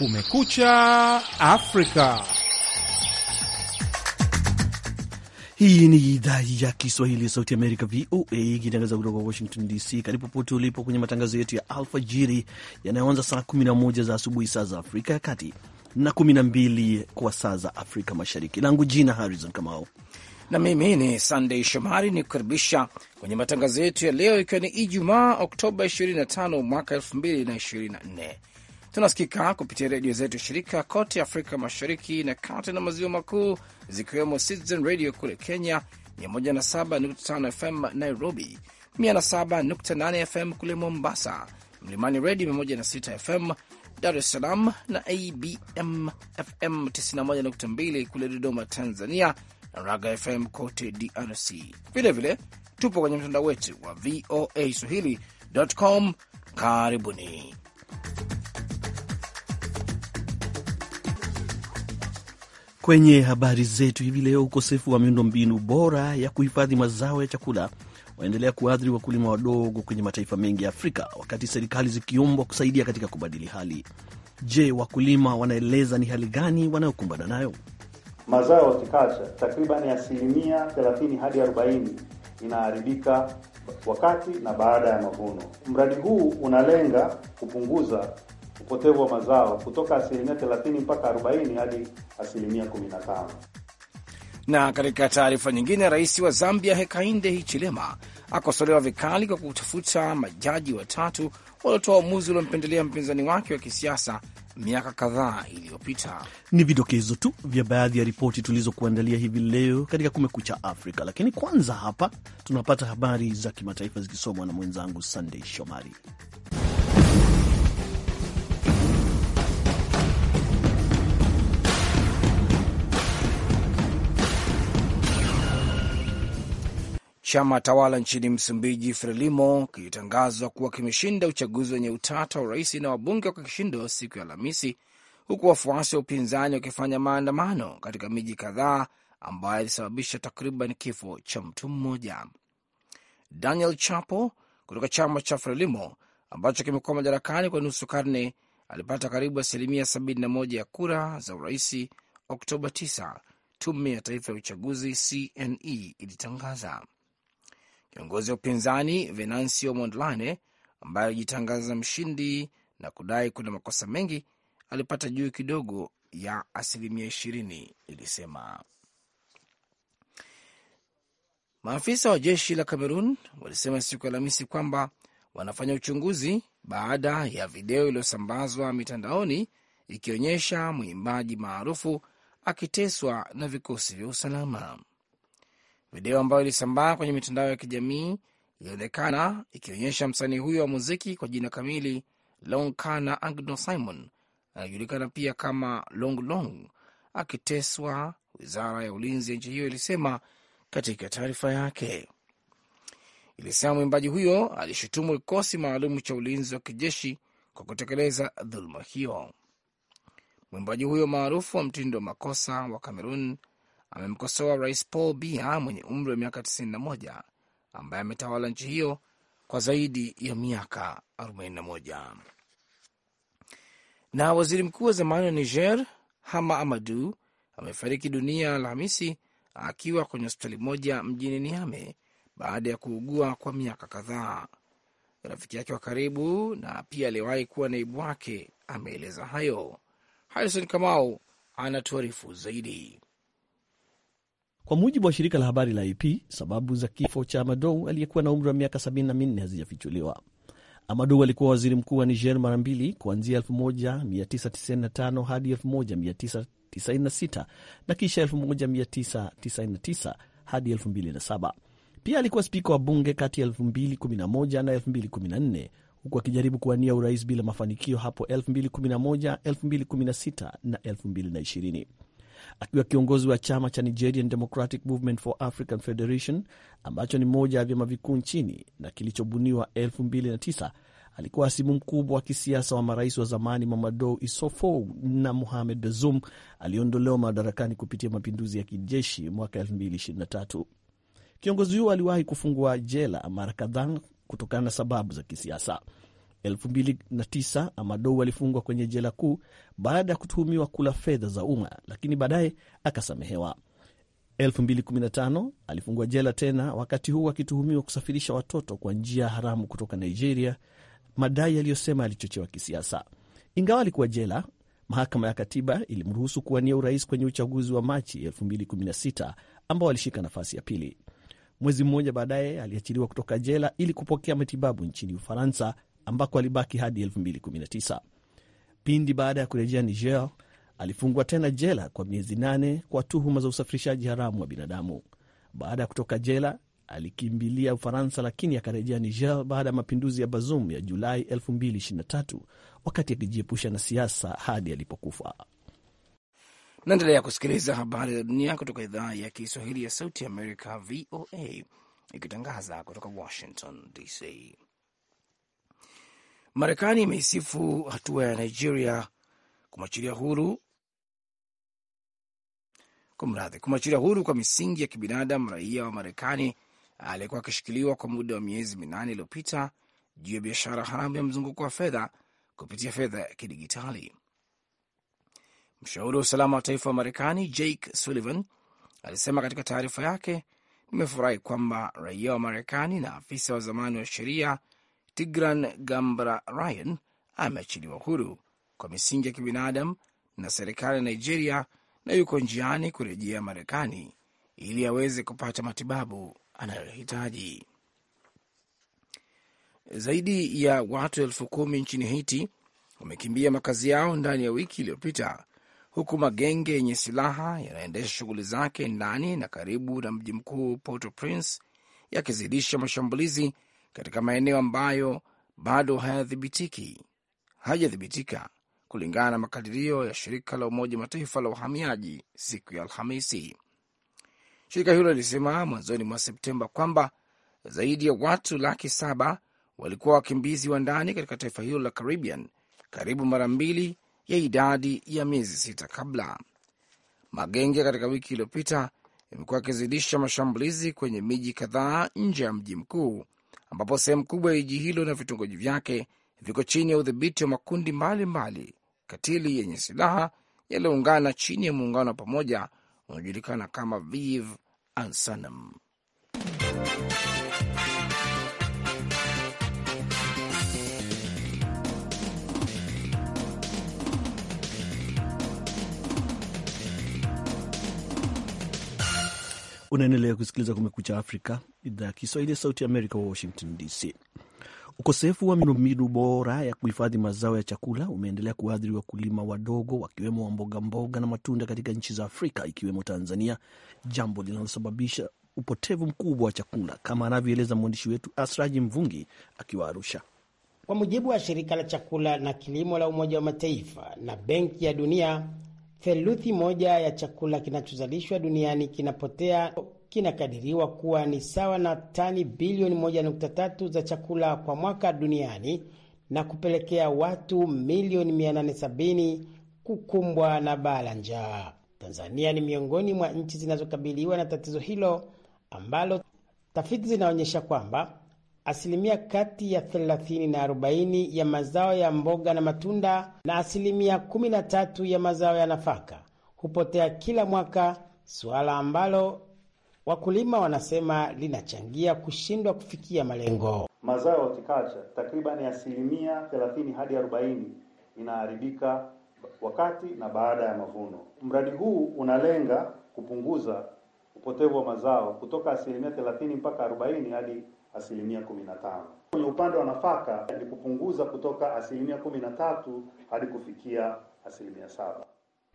Kumekucha Afrika. Hii ni idhaa ya Kiswahili ya Sauti Amerika, VOA, ikitangaza kutoka Washington DC. Karibu pote ulipo kwenye matangazo yetu ya alfajiri yanayoanza saa 11 za asubuhi saa za Afrika ya Kati na 12 kwa saa za Afrika Mashariki. Langu jina Harrison Kamau na mimi ni Sandey Shomari ni kukaribisha kwenye matangazo yetu ya leo, ikiwa ni Ijumaa Oktoba 25 mwaka 2024. Tunasikika kupitia redio zetu shirika kote Afrika Mashariki na kati na maziwa makuu, zikiwemo Citizen Radio kule Kenya, 107.5 FM Nairobi, 107.8 FM kule Mombasa, Mlimani Redio 106 FM Dar es Salaam na ABM FM 91.2 kule Dodoma, Tanzania, na Raga FM kote DRC. Vilevile tupo kwenye mtandao wetu wa VOA Swahili.com. Karibuni. Kwenye habari zetu hivi leo, ukosefu wa miundo mbinu bora ya kuhifadhi mazao ya chakula waendelea kuathiri wakulima wadogo kwenye mataifa mengi ya Afrika, wakati serikali zikiombwa kusaidia katika kubadili hali. Je, wakulima wanaeleza ni hali gani wanayokumbana nayo? Mazao ya kikacha takriban asilimia 30 hadi 40 inaharibika wakati na baada ya mavuno. Mradi huu unalenga kupunguza upotevu wa mazao kutoka asilimia 30 mpaka 40 hadi asilimia 15. Na katika taarifa nyingine, rais wa Zambia hekainde Hichilema akosolewa vikali kwa kutafuta majaji watatu waliotoa uamuzi uliompendelea mpinzani wake wa kisiasa miaka kadhaa iliyopita. Ni vidokezo tu vya baadhi ya ripoti tulizokuandalia hivi leo katika Kumekucha Afrika, lakini kwanza hapa tunapata habari za kimataifa zikisomwa na mwenzangu Sandei Shomari. Chama tawala nchini Msumbiji, Frelimo, kilitangazwa kuwa kimeshinda uchaguzi wenye utata wa urais na wabunge kwa kishindo siku ya Alhamisi, huku wafuasi wa upinzani wakifanya maandamano katika miji kadhaa ambayo ilisababisha takriban kifo cha mtu mmoja. Daniel Chapo kutoka chama cha Frelimo ambacho kimekuwa madarakani kwa nusu karne alipata karibu asilimia 71 ya kura za uraisi Oktoba 9, tume ya taifa ya uchaguzi CNE ilitangaza. Kiongozi wa upinzani Venancio Mondlane, ambaye alijitangaza mshindi na kudai kuna makosa mengi, alipata juu kidogo ya asilimia ishirini, ilisema. Maafisa wa jeshi la cameron walisema siku ya Alhamisi kwamba wanafanya uchunguzi baada ya video iliyosambazwa mitandaoni ikionyesha mwimbaji maarufu akiteswa na vikosi vya usalama. Video ambayo ilisambaa kwenye mitandao ya kijamii ilionekana ikionyesha msanii huyo wa muziki kwa jina kamili Lonkana Agno Simon, anajulikana pia kama Long Long, akiteswa, wizara ya ulinzi ya nchi hiyo ilisema katika taarifa yake. Ilisema mwimbaji huyo alishutumu kikosi maalum cha ulinzi wa kijeshi kwa kutekeleza dhuluma hiyo. Mwimbaji huyo maarufu wa mtindo wa makosa wa Kamerun amemkosoa Rais Paul Biya mwenye umri wa miaka 91 ambaye ametawala nchi hiyo kwa zaidi ya miaka 41. Na waziri mkuu wa zamani wa Niger Hama Amadu amefariki dunia Alhamisi akiwa kwenye hospitali moja mjini Niame baada ya kuugua kwa miaka kadhaa. Rafiki yake wa karibu na pia aliyewahi kuwa naibu wake ameeleza hayo. Harison Kamau anatuarifu zaidi. Kwa mujibu wa shirika la habari la AP, sababu za kifo cha Amadou aliyekuwa na umri wa miaka 74 hazijafichuliwa. Amadou alikuwa waziri mkuu wa Niger mara mbili kuanzia 1995 hadi 1996 na kisha 1999 hadi 2007. Pia alikuwa spika wa bunge kati ya 2011 na 2014 huku akijaribu kuwania urais bila mafanikio hapo 2011, 2016 na 2020. Akiwa kiongozi wa chama cha Nigerian Democratic Movement for African Federation ambacho ni moja ya vyama vikuu nchini na kilichobuniwa 2009 alikuwa hasimu mkubwa wa kisiasa wa marais wa zamani Mamadou Issoufou na Mohamed Bazoum aliyeondolewa madarakani kupitia mapinduzi ya kijeshi mwaka 2023. Kiongozi huo aliwahi kufungwa jela mara kadhaa kutokana na sababu za kisiasa. 2009 Amadou alifungwa kwenye jela kuu baada ya kutuhumiwa kula fedha za umma, lakini baadaye akasamehewa. 2015 alifungwa jela tena, wakati huu akituhumiwa kusafirisha watoto kwa njia haramu kutoka Nigeria, madai aliyosema alichochewa kisiasa. Ingawa alikuwa jela, mahakama ya katiba ilimruhusu kuwania urais kwenye uchaguzi wa Machi 2016 ambao alishika nafasi ya pili. Mwezi mmoja baadaye aliachiliwa kutoka jela ili kupokea matibabu nchini Ufaransa ambako alibaki hadi 2019. Pindi baada ya kurejea Niger, alifungwa tena jela kwa miezi nane kwa tuhuma za usafirishaji haramu wa binadamu. Baada ya kutoka jela, alikimbilia Ufaransa, lakini akarejea Niger baada ya mapinduzi ya Bazoum ya Julai 2023, wakati akijiepusha na siasa hadi alipokufa. Naendelea kusikiliza habari za dunia kutoka idhaa ya Kiswahili ya Sauti ya Amerika, VOA, ikitangaza kutoka Washington DC. Marekani imeisifu hatua ya Nigeria kumwachilia huru kumradhi, kumwachilia huru kwa misingi ya kibinadamu raia wa Marekani aliyekuwa akishikiliwa kwa muda wa miezi minane iliyopita juu ya biashara haramu ya mzunguko wa fedha kupitia fedha ya kidigitali. Mshauri wa usalama wa taifa wa Marekani Jake Sullivan alisema katika taarifa yake, nimefurahi kwamba raia wa Marekani na afisa wa zamani wa sheria Tigran Gambra Ryan ameachiliwa huru kwa misingi ya kibinadamu na serikali ya Nigeria na yuko njiani kurejea Marekani ili aweze kupata matibabu anayohitaji. Zaidi ya watu elfu kumi nchini Haiti wamekimbia makazi yao ndani ya wiki iliyopita huku magenge yenye silaha yanaendesha shughuli zake ndani na karibu na mji mkuu Port-au-Prince yakizidisha mashambulizi katika maeneo ambayo bado hayadhibitiki hajathibitika kulingana na makadirio ya shirika la Umoja Mataifa la uhamiaji siku ya Alhamisi. Shirika hilo lilisema mwanzoni mwa Septemba kwamba zaidi ya watu laki saba walikuwa wakimbizi wa ndani katika taifa hilo la Caribbean, karibu mara mbili ya idadi ya miezi sita kabla. Magenge katika wiki iliyopita yamekuwa yakizidisha mashambulizi kwenye miji kadhaa nje ya mji mkuu ambapo sehemu kubwa ya jiji hilo na vitongoji vyake viko chini ya udhibiti wa makundi mbalimbali mbali katili yenye silaha yaliyoungana chini ya muungano wa pamoja unaojulikana kama Viv Ansanam. Unaendelea kusikiliza Kumekucha Afrika idhaa ya Kiswahili ya Sauti Amerika, Washington DC. Ukosefu wa miundombinu bora ya kuhifadhi mazao ya chakula umeendelea kuathiri wakulima wadogo wakiwemo wa mboga mboga na matunda katika nchi za Afrika ikiwemo Tanzania, jambo linalosababisha upotevu mkubwa wa chakula kama anavyoeleza mwandishi wetu Asraji Mvungi akiwa Arusha. Kwa mujibu wa shirika la chakula na kilimo la Umoja wa Mataifa na Benki ya Dunia, theluthi moja ya chakula kinachozalishwa duniani kinapotea kinakadiriwa kuwa ni sawa na tani bilioni 1.3 za chakula kwa mwaka duniani na kupelekea watu milioni 870 kukumbwa na baa la njaa. Tanzania ni miongoni mwa nchi zinazokabiliwa na tatizo hilo ambalo tafiti zinaonyesha kwamba asilimia kati ya 30 na 40 ya mazao ya mboga na matunda na asilimia 13 ya mazao ya nafaka hupotea kila mwaka, suala ambalo Wakulima wanasema linachangia kushindwa kufikia malengo. Mazao ya takriban asilimia 30 hadi 40 inaharibika wakati na baada ya mavuno. Mradi huu unalenga kupunguza upotevu wa mazao kutoka asilimia 30 mpaka 40 hadi asilimia 15. Kwenye upande wa nafaka ni kupunguza kutoka asilimia 13 hadi kufikia asilimia saba.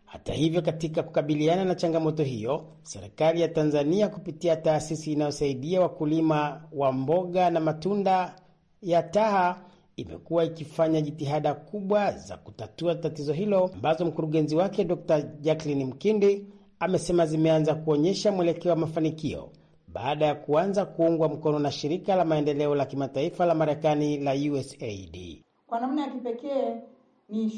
Hata hivyo, katika kukabiliana na changamoto hiyo, serikali ya Tanzania kupitia taasisi inayosaidia wakulima wa mboga na matunda ya TAHA imekuwa ikifanya jitihada kubwa za kutatua tatizo hilo ambazo mkurugenzi wake Dr. Jacqueline Mkindi amesema zimeanza kuonyesha mwelekeo wa mafanikio baada ya kuanza kuungwa mkono na shirika la maendeleo la kimataifa la Marekani la USAID. Kwa namna ya kipekee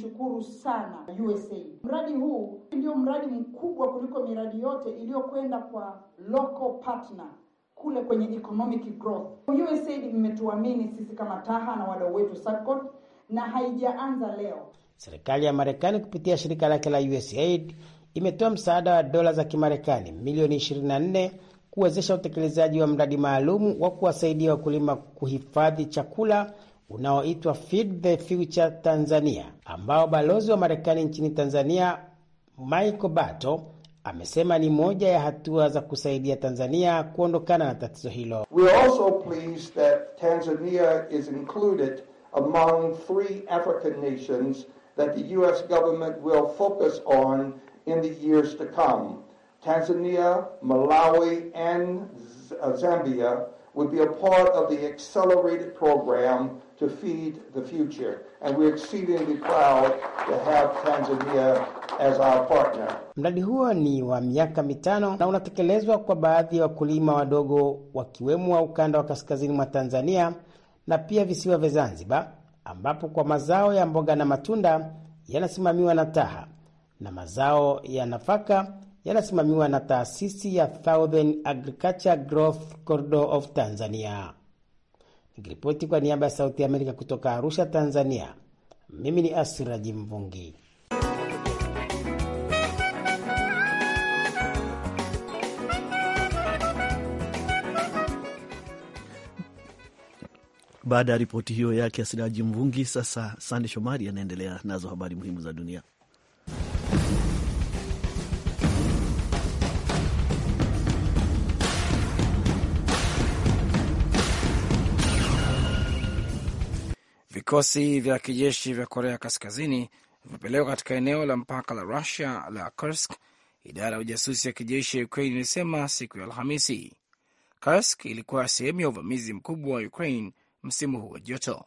shukuru sana USAID. Mradi huu ndio mradi mkubwa kuliko miradi yote iliyokwenda kwa local partner kule kwenye economic growth. USAID mmetuamini sisi kama Taha na wadau wetu SACCOT na haijaanza leo. Serikali ya Marekani kupitia shirika lake la USAID imetoa msaada wa dola za Kimarekani milioni 24 kuwezesha utekelezaji wa mradi maalumu wa kuwasaidia wakulima kuhifadhi chakula unaoitwa Feed the Future Tanzania ambao balozi wa Marekani nchini Tanzania Michael Bato amesema ni moja ya hatua za kusaidia Tanzania kuondokana na tatizo hilo. We are also pleased that Tanzania is included among three African nations that the US government will focus on in the years to come. Tanzania, Malawi and uh, Zambia would be a part of the accelerated program to feed the future. And we're exceedingly proud to have Tanzania as our partner. Mradi huo ni wa miaka mitano na unatekelezwa kwa baadhi ya wa wakulima wadogo wakiwemo wa ukanda wa kaskazini mwa Tanzania na pia visiwa vya Zanzibar ambapo kwa mazao ya mboga na matunda yanasimamiwa na TAHA na mazao ya nafaka yanasimamiwa na taasisi ya Southern Agriculture Growth Corridor of Tanzania. Nikiripoti kwa niaba ya Sauti ya Amerika kutoka Arusha, Tanzania, mimi ni Asiraji Mvungi. Baada ya ripoti hiyo yake Asiraji Mvungi, sasa Sande Shomari anaendelea nazo habari muhimu za dunia. Vikosi vya kijeshi vya Korea Kaskazini vimepelekwa katika eneo la mpaka la Rusia la Kursk, idara ya ujasusi ya kijeshi ya Ukraine ilisema siku ya Alhamisi. Kursk ilikuwa sehemu ya uvamizi mkubwa wa Ukraine msimu huu wa joto.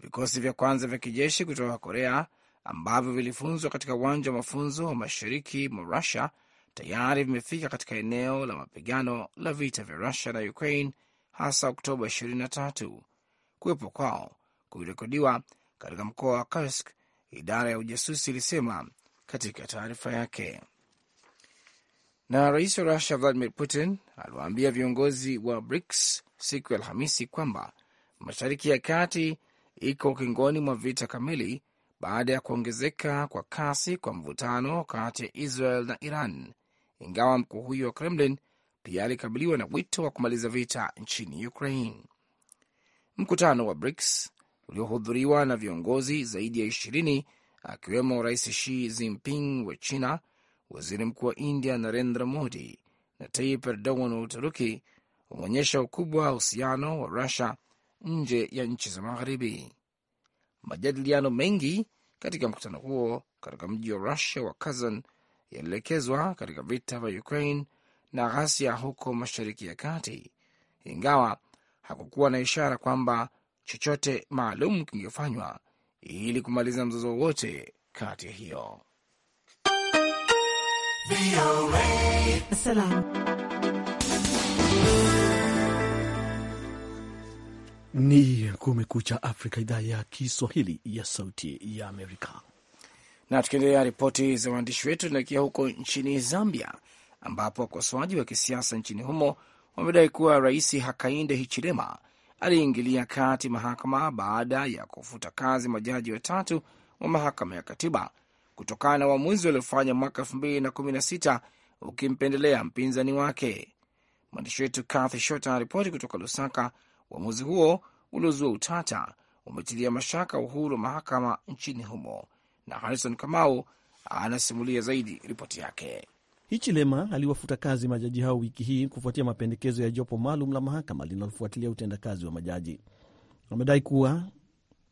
Vikosi vya kwanza vya kijeshi kutoka Korea ambavyo vilifunzwa katika uwanja wa mafunzo wa mashariki mwa Rusia tayari vimefika katika eneo la mapigano la vita vya Rusia na Ukraine, hasa Oktoba 23. Kuwepo kwao kurekodiwa katika mkoa wa Kursk, idara ya ujasusi ilisema katika taarifa yake. Na rais wa Rusia Vladimir Putin aliwaambia viongozi wa BRICS siku ya Alhamisi kwamba Mashariki ya Kati iko ukingoni mwa vita kamili baada ya kuongezeka kwa kasi kwa mvutano kati ya Israel na Iran, ingawa mkuu huyo wa Kremlin pia alikabiliwa na wito wa kumaliza vita nchini Ukraine. Mkutano wa BRICS uliohudhuriwa na viongozi zaidi ya ishirini akiwemo Rais Xi Jinping wa China, waziri mkuu wa India Narendra Modi na Tayyip Erdogan wa Uturuki umeonyesha ukubwa wa uhusiano wa Rusia nje ya nchi za Magharibi. Majadiliano mengi katika mkutano huo katika mji wa Rusia wa Kazan yalielekezwa katika vita vya Ukraine na ghasia huko Mashariki ya Kati, ingawa hakukuwa na ishara kwamba chochote maalum kingefanywa ili kumaliza mzozo wote kati ya hiyo. Ni Kumekucha Afrika, idhaa ya Kiswahili ya Sauti ya Amerika. Na tukiendelea ripoti za waandishi wetu, tunaelekea huko nchini Zambia, ambapo wakosoaji wa kisiasa nchini humo wamedai kuwa Rais Hakainde Hichilema aliingilia kati mahakama baada ya kufuta kazi majaji watatu wa mahakama ya katiba kutokana na uamuzi waliofanya mwaka 2016 ukimpendelea mpinzani wake. Mwandishi wetu Kathy Shota anaripoti kutoka Lusaka. Uamuzi huo uliozua utata umetilia mashaka uhuru wa mahakama nchini humo, na Harrison Kamau anasimulia zaidi ripoti yake. Hichilema aliwafuta kazi majaji hao wiki hii kufuatia mapendekezo ya jopo maalum la mahakama linalofuatilia utendakazi wa majaji. Wamedai kuwa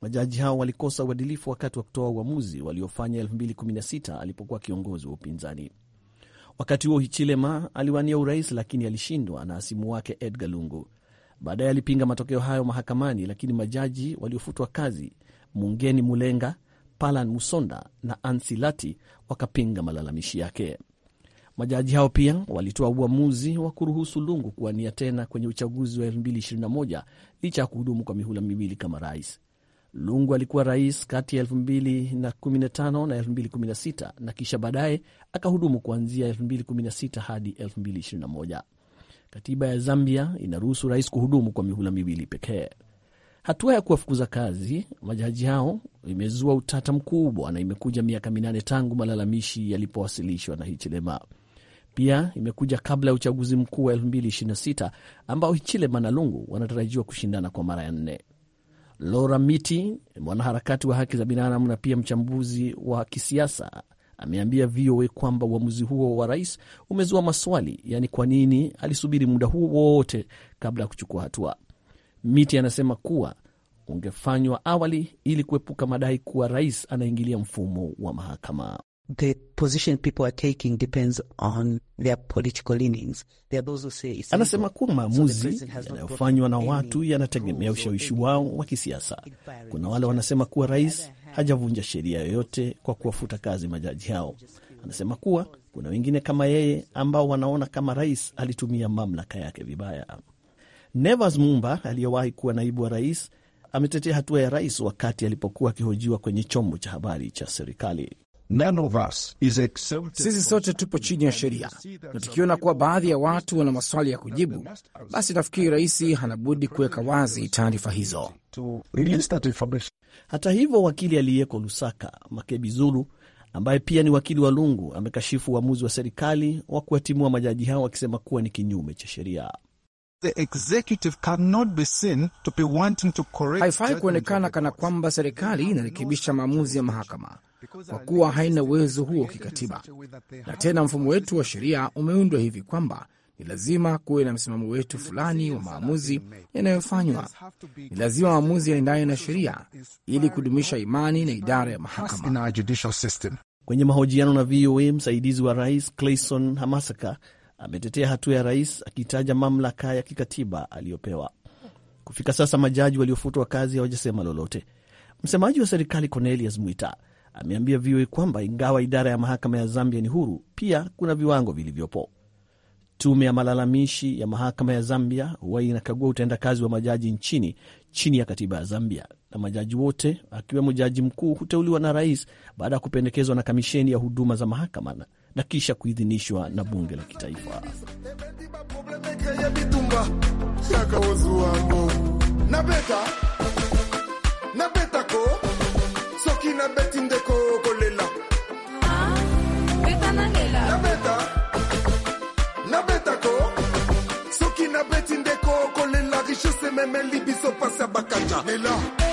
majaji hao walikosa uadilifu wakati wa kutoa uamuzi waliofanya 2016 alipokuwa kiongozi wa upinzani. Wakati huo Hichilema aliwania urais lakini alishindwa na hasimu wake Edgar Lungu. Baadaye alipinga matokeo hayo mahakamani, lakini majaji waliofutwa kazi Mungeni Mulenga, Palan Musonda na Ansilati wakapinga malalamishi yake. Majaji hao pia walitoa uamuzi wa kuruhusu Lungu kuwania tena kwenye uchaguzi wa 2021 licha ya kuhudumu kwa mihula miwili kama rais. Lungu alikuwa rais kati ya 2015 na 2016 na kisha baadaye akahudumu kuanzia 2016 hadi 2021. Katiba ya Zambia inaruhusu rais kuhudumu kwa mihula miwili pekee. Hatua ya kuwafukuza kazi majaji hao imezua utata mkubwa na imekuja miaka minane tangu malalamishi yalipowasilishwa na Hichilema. Pia imekuja kabla ya uchaguzi mkuu wa 2026 ambao Hichilema na Lungu wanatarajiwa kushindana kwa mara ya nne. Laura Miti, mwanaharakati wa haki za binadamu na pia mchambuzi wa kisiasa, ameambia VOA kwamba uamuzi huo wa rais umezua maswali, yaani kwa nini alisubiri muda huo wote kabla ya kuchukua hatua. Miti anasema kuwa ungefanywa awali ili kuepuka madai kuwa rais anaingilia mfumo wa mahakama the position people are taking depends on their political leanings. There are those who say it's anasema kuwa maamuzi yanayofanywa na watu yanategemea ushawishi wao wa kisiasa. Kuna wale wanasema kuwa rais hajavunja sheria yoyote kwa kuwafuta kazi majaji hao. Anasema kuwa kuna wengine kama yeye ambao wanaona kama rais alitumia mamlaka yake vibaya. Nevas Mumba aliyewahi kuwa naibu wa rais ametetea hatua ya rais wakati alipokuwa akihojiwa kwenye chombo cha habari cha serikali. None of us is exempted. Sisi sote tupo chini ya sheria, na tukiona kuwa baadhi ya watu wana maswali ya kujibu, basi nafikiri rais hanabudi kuweka wazi taarifa hizo. Hata hivyo, wakili aliyeko Lusaka Makebi Zulu ambaye pia ni wakili wa Lungu amekashifu uamuzi wa serikali wa kuwatimua majaji hao akisema kuwa ni kinyume cha sheria. Haifai kuonekana kana kwamba serikali inarekebisha maamuzi ya mahakama kwa kuwa haina uwezo huo kikatiba. Na tena mfumo wetu wa sheria umeundwa hivi kwamba ni lazima kuwe na msimamo wetu fulani wa maamuzi yanayofanywa. Ni lazima maamuzi yaendane na sheria ili kudumisha imani na idara ya mahakama. Kwenye mahojiano na VOA, msaidizi wa rais Clayson Hamasaka ametetea hatua ya rais akitaja mamlaka ya kikatiba aliyopewa. Kufika sasa majaji waliofutwa kazi hawajasema lolote. Msemaji wa serikali Cornelius Mwita ameambia VOA kwamba ingawa idara ya mahakama ya Zambia ni huru, pia kuna viwango vilivyopo. Tume ya malalamishi ya mahakama ya Zambia huwa inakagua utendakazi wa majaji nchini chini ya katiba ya Zambia, na majaji wote akiwemo jaji mkuu huteuliwa na rais baada ya kupendekezwa na kamisheni ya huduma za mahakama na kisha kuidhinishwa na bunge la kitaifa. soki nabeti ndeko kolela nabeta nabetako soki nabeti ndeko kolela richese memeli biso pasi ya bakanja lela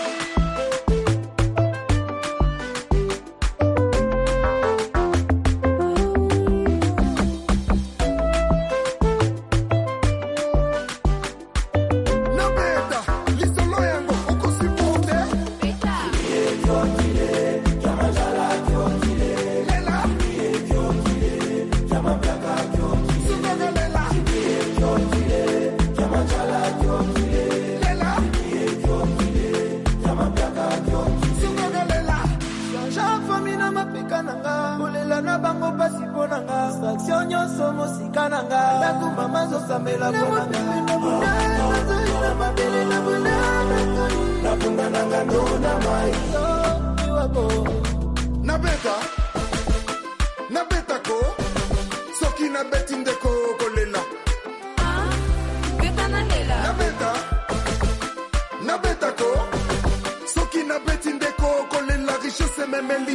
nemeli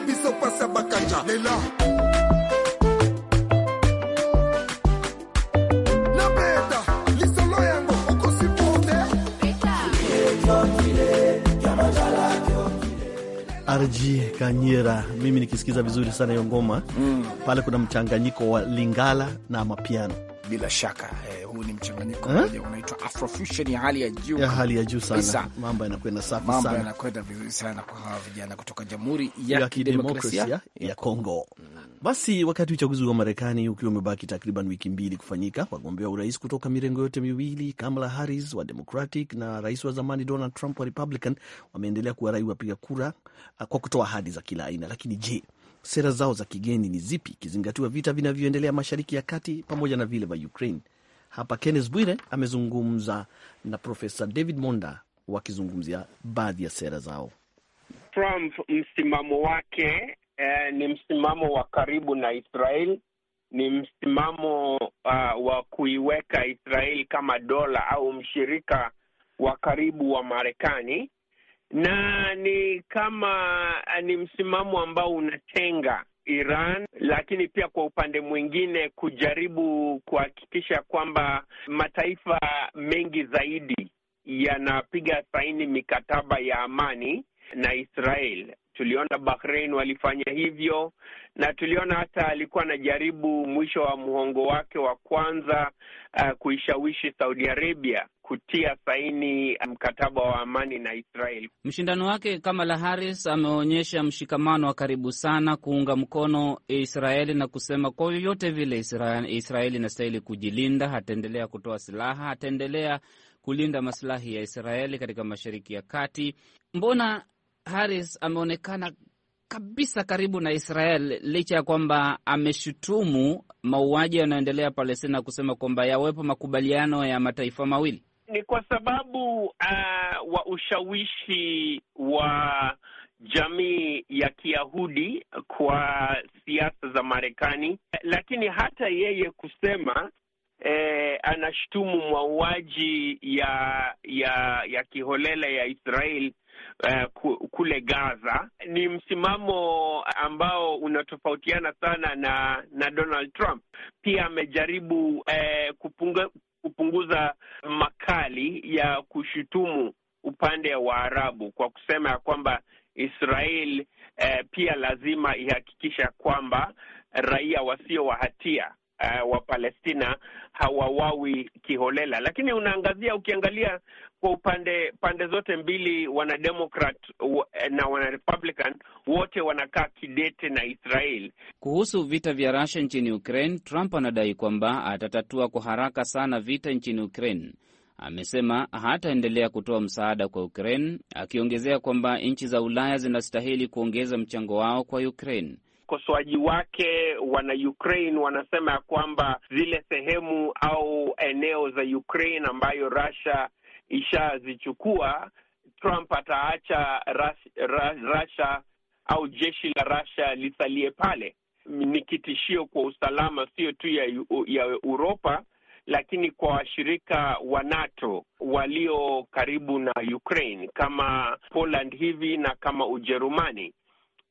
bakanja lela RG Kanyera, mimi nikisikiza vizuri sana hiyo ngoma mm. Pale kuna mchanganyiko wa Lingala na mapiano bila shaka eh mchanganyiko eh? unaitwa afrofusion ya hali ya juu, ya hali ya juu sana. Mambo yanakwenda safi sana, mambo yanakwenda vizuri sana kwa hawa vijana kutoka Jamhuri ya Kidemokrasia ya ya Kongo. Basi wakati uchaguzi wa Marekani ukiwa umebaki takriban wiki mbili kufanyika, wagombea urais kutoka mirengo yote miwili, Kamala Harris wa Democratic na rais wa zamani Donald Trump wa Republican, wameendelea kuwarai wapiga kura ah, kwa kutoa ahadi za kila aina. Lakini je, sera zao za kigeni ni zipi, ikizingatiwa vita vinavyoendelea mashariki ya kati pamoja na vile vya Ukraine? Hapa Kenneth Bwire amezungumza na Profesa David Monda wakizungumzia baadhi ya sera zao. Trump msimamo wake eh, ni msimamo wa karibu na Israel, ni msimamo uh, wa kuiweka Israel kama dola au mshirika wa karibu wa Marekani, na ni kama ni msimamo ambao unatenga Iran, lakini pia kwa upande mwingine kujaribu kuhakikisha kwamba mataifa mengi zaidi yanapiga saini mikataba ya amani na Israel Tuliona Bahrain walifanya hivyo, na tuliona hata alikuwa anajaribu mwisho wa mhongo wake wa kwanza uh, kuishawishi Saudi Arabia kutia saini mkataba wa amani na Israel. Mshindano wake Kamala Harris ameonyesha mshikamano wa karibu sana kuunga mkono Israeli na kusema kwa vyovyote vile Israeli inastahili kujilinda, hataendelea kutoa silaha, hataendelea kulinda masilahi ya Israeli katika Mashariki ya Kati. Mbona Harris ameonekana kabisa karibu na Israel licha ya kwamba ameshutumu mauaji yanayoendelea Palestina, kusema kwamba yawepo makubaliano ya mataifa mawili ni kwa sababu uh, wa ushawishi wa jamii ya Kiyahudi kwa siasa za Marekani, lakini hata yeye kusema eh, anashutumu mauaji ya ya ya kiholela ya Israel uh, kule Gaza ni msimamo ambao unatofautiana sana na na Donald Trump. Pia amejaribu uh, kupunga, kupunguza makali ya kushutumu upande wa Arabu kwa kusema ya kwamba Israel uh, pia lazima ihakikisha kwamba raia wasio wa hatia uh, wa Palestina hawawawi kiholela, lakini unaangazia ukiangalia kwa upande pande zote mbili, wanademokrat eh, na wanarepublican wote wanakaa kidete na Israel. Kuhusu vita vya Russia nchini Ukraine, Trump anadai kwamba atatatua kwa haraka sana vita nchini Ukraine. Amesema hataendelea kutoa msaada kwa Ukraine, akiongezea kwamba nchi za Ulaya zinastahili kuongeza mchango wao kwa Ukraine ukosoaji wake wana Ukraine wanasema ya kwamba zile sehemu au eneo za Ukraine ambayo Russia ishazichukua, Trump ataacha Russia au jeshi la Russia lisalie pale. Ni kitishio kwa usalama sio tu ya, ya Uropa lakini kwa washirika wa NATO walio karibu na Ukraine kama Poland hivi na kama Ujerumani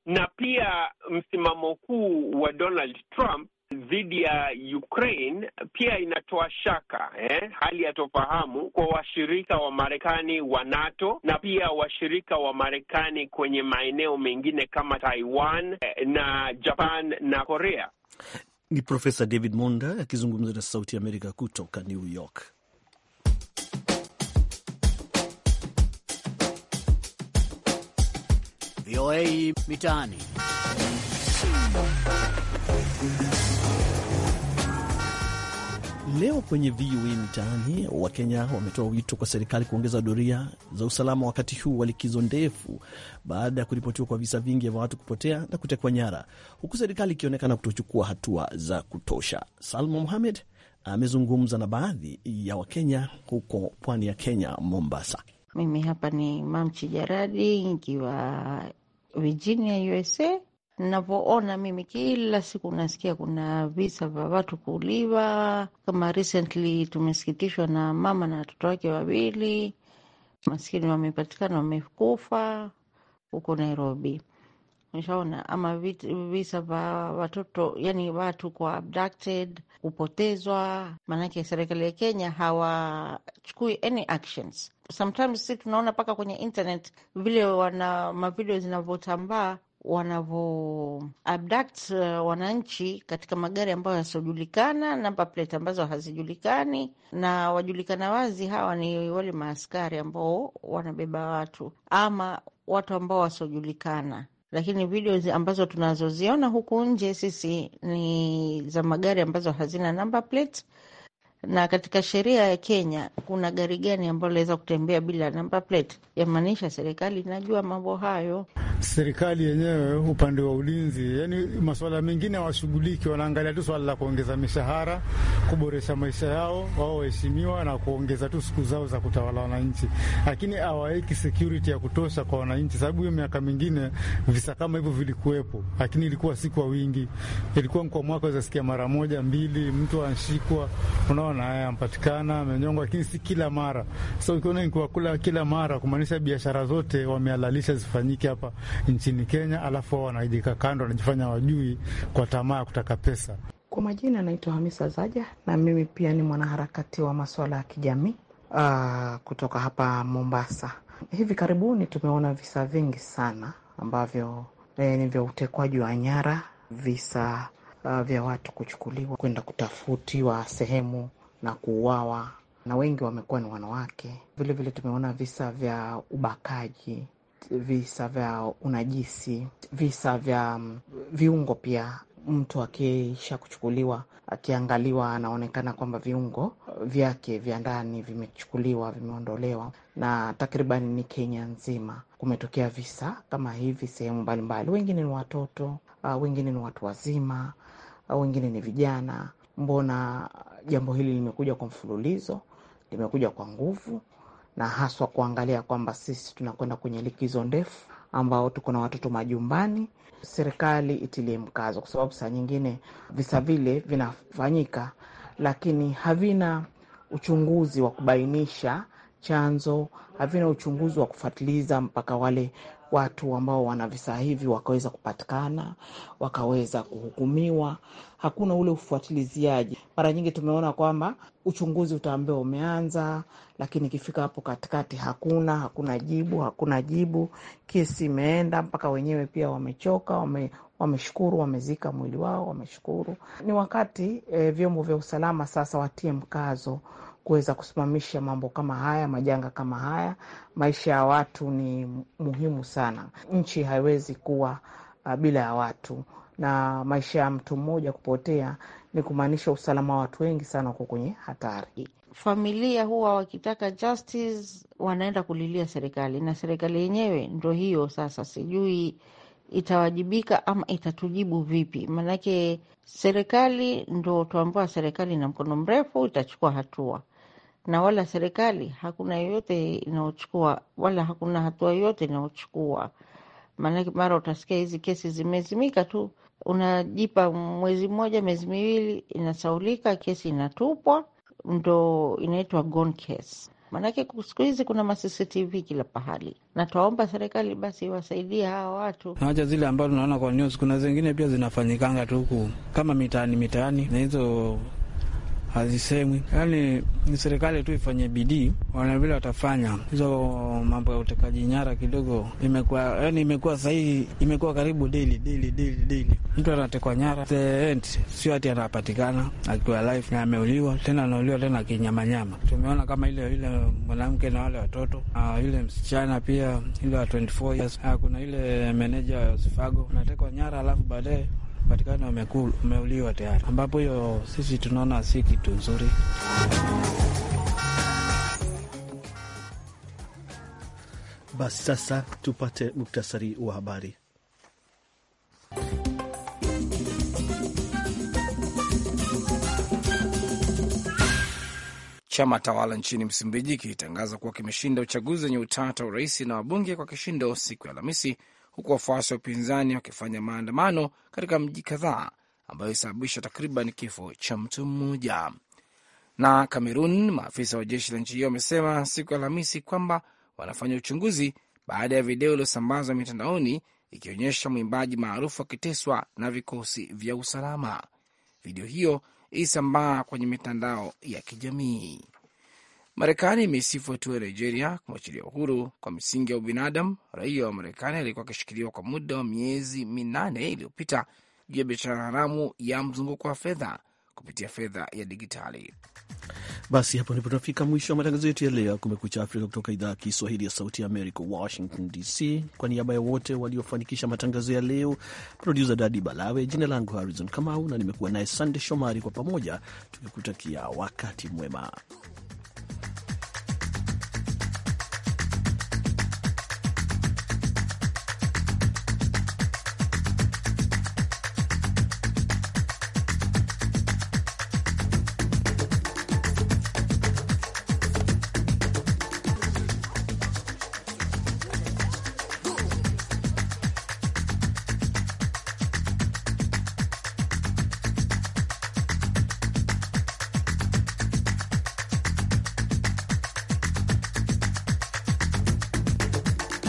na pia msimamo kuu wa Donald Trump dhidi ya Ukraine pia inatoa shaka eh, hali ya tofahamu kwa washirika wa Marekani wa NATO na pia washirika wa Marekani kwenye maeneo mengine kama Taiwan eh, na Japan na Korea. Ni Profesa David Monda akizungumza na Sauti ya Amerika kutoka New York. VOA Mitaani. Leo kwenye VOA Mitaani, Wakenya wametoa wito kwa serikali kuongeza doria za usalama wakati huu wa likizo ndefu, baada ya kuripotiwa kwa visa vingi vya watu kupotea na kutekwa nyara, huku serikali ikionekana kutochukua hatua za kutosha. Salma Muhamed amezungumza na baadhi ya Wakenya huko pwani ya Kenya, Mombasa. Mimi hapa ni Mamchi Jaradi, nikiwa Virginia, USA. Navyoona mimi kila siku nasikia kuna visa vya watu kuuliwa. Kama recently tumesikitishwa na mama na watoto wake wawili maskini wamepatikana wamekufa huko Nairobi. Nishaona ama visa vya watoto yani watu kwa abducted kupotezwa, maanake serikali ya Kenya hawachukui any actions. Sometimes si tunaona mpaka kwenye internet vile wana mavideo zinavyotambaa wanavyo abduct uh, wananchi katika magari ambayo yasiojulikana, namba plate ambazo hazijulikani, na wajulikana wazi hawa ni wale maaskari ambao wanabeba watu ama watu ambao wasiojulikana lakini video ambazo tunazoziona huku nje sisi ni za magari ambazo hazina number plate, na katika sheria ya Kenya kuna gari gani ambalo linaweza kutembea bila number plate? Yamaanisha serikali inajua mambo hayo serikali yenyewe upande wa ulinzi, yani masuala mengine hawashughuliki, wanaangalia tu swala la kuongeza mishahara, kuboresha maisha yao wao waheshimiwa, na kuongeza tu siku zao za kutawala wananchi, lakini hawaweki security ya kutosha kwa wananchi, sababu hiyo miaka mingine visa kama hivyo vilikuwepo, lakini ilikuwa si kwa wingi, ilikuwa kwa mwaka zasikia mara moja mbili, mtu anashikwa, unaona haya ampatikana amenyongwa, lakini si kila mara. So ikiona kwa kula kila mara, kumaanisha biashara zote wamehalalisha zifanyike hapa nchini Kenya, alafu wao wanajika kando, wanajifanya wajui kwa tamaa ya kutaka pesa. Kwa majina anaitwa Hamisa Zaja na mimi pia ni mwanaharakati wa masuala ya kijamii uh, kutoka hapa Mombasa. Hivi karibuni tumeona visa vingi sana ambavyo eh, ni vya utekwaji wa nyara, visa uh, vya watu kuchukuliwa kwenda kutafutiwa sehemu na kuuawa, na wengi wamekuwa ni wanawake. Vilevile tumeona visa vya ubakaji visa vya unajisi, visa vya mm, viungo pia mtu akisha kuchukuliwa akiangaliwa, anaonekana kwamba viungo vyake vya ndani vimechukuliwa, vimeondolewa, na takriban ni Kenya nzima kumetokea visa kama hivi sehemu mbalimbali. Wengine ni watoto, ah, wengine ni watu wazima, ah, wengine ni vijana. Mbona jambo hili limekuja kwa mfululizo, limekuja kwa nguvu na haswa kuangalia kwamba sisi tunakwenda kwenye likizo ndefu ambao tuko na watoto majumbani, serikali itilie mkazo, kwa sababu saa nyingine visa vile vinafanyika, lakini havina uchunguzi wa kubainisha chanzo, havina uchunguzi wa kufuatiliza mpaka wale watu ambao wana visa hivi wakaweza kupatikana wakaweza kuhukumiwa. Hakuna ule ufuatiliziaji. Mara nyingi tumeona kwamba uchunguzi utaambiwa umeanza, lakini ikifika hapo katikati hakuna hakuna jibu hakuna jibu, kesi imeenda mpaka wenyewe pia wamechoka, wame, wameshukuru, wamezika mwili wao, wameshukuru. Ni wakati e, vyombo vya usalama sasa watie mkazo kuweza kusimamisha mambo kama haya, majanga kama haya. Maisha ya watu ni muhimu sana. Nchi haiwezi kuwa uh, bila ya watu, na maisha ya mtu mmoja kupotea ni kumaanisha usalama wa watu wengi sana uko kwenye hatari. Familia huwa wakitaka justice, wanaenda kulilia serikali, na serikali yenyewe ndo hiyo sasa, sijui itawajibika ama itatujibu vipi? Maanake serikali ndo tuambiwa, serikali na mkono mrefu, itachukua hatua na wala serikali hakuna yoyote inaochukua wala hakuna hatua yoyote inaochukua. Maanake mara utasikia hizi kesi zimezimika tu, unajipa mwezi mmoja, miezi miwili, inasaulika, kesi inatupwa, ndo inaitwa gone case. Maanake siku hizi kuna macctv kila pahali, na twaomba serikali basi iwasaidie hawa watu. Nawacha zile ambazo tunaona kwa news, kuna zingine pia zinafanyikanga tu huku kama mitaani mitaani, na hizo hazisemwi. Yaani ni serikali tu ifanye bidii, wanavile watafanya hizo mambo ya utekaji nyara kidogo. Imekuwa yani, imekuwa sahihi, imekuwa karibu daily daily daily daily, mtu anatekwa nyara the end, sio hati anapatikana akiwa life na ameuliwa tena, anauliwa tena kinyamanyama. Tumeona kama ile ile mwanamke na wale watoto na ile msichana pia ile wa 24 years. Ah, kuna ile meneja ya Sifago anatekwa nyara alafu baadaye patikana wameuliwa tayari, ambapo hiyo sisi tunaona si kitu nzuri. Basi sasa tupate muktasari wa habari. Chama tawala nchini Msumbiji kilitangaza kuwa kimeshinda uchaguzi wenye utata wa urais na wabunge kwa kishindo siku ya Alhamisi huku wafuasi wa upinzani wakifanya maandamano katika mji kadhaa ambayo ilisababisha takriban kifo cha mtu mmoja. Na Kamerun, maafisa wa jeshi la nchi hiyo wamesema siku ya Alhamisi kwamba wanafanya uchunguzi baada ya video iliyosambazwa mitandaoni ikionyesha mwimbaji maarufu akiteswa na vikosi vya usalama. Video hiyo ilisambaa kwenye mitandao ya kijamii. Marekani imeisifu hatua ya Nigeria kuachilia uhuru kwa misingi ya ubinadamu raia wa Marekani aliyekuwa akishikiliwa kwa muda wa miezi minane iliyopita juu ya biashara haramu ya mzunguko wa fedha kupitia fedha ya digitali. Basi hapo ndipo tunafika mwisho wa matangazo yetu ya leo ya Kumekucha Afrika kutoka idhaa ya Kiswahili ya Sauti ya Amerika, Washington DC. Kwa niaba ya wote waliofanikisha matangazo ya leo, produsa Dadi Balawe, jina langu Harrison Kamau na nimekuwa naye Sande Shomari, kwa pamoja tukikutakia wakati mwema.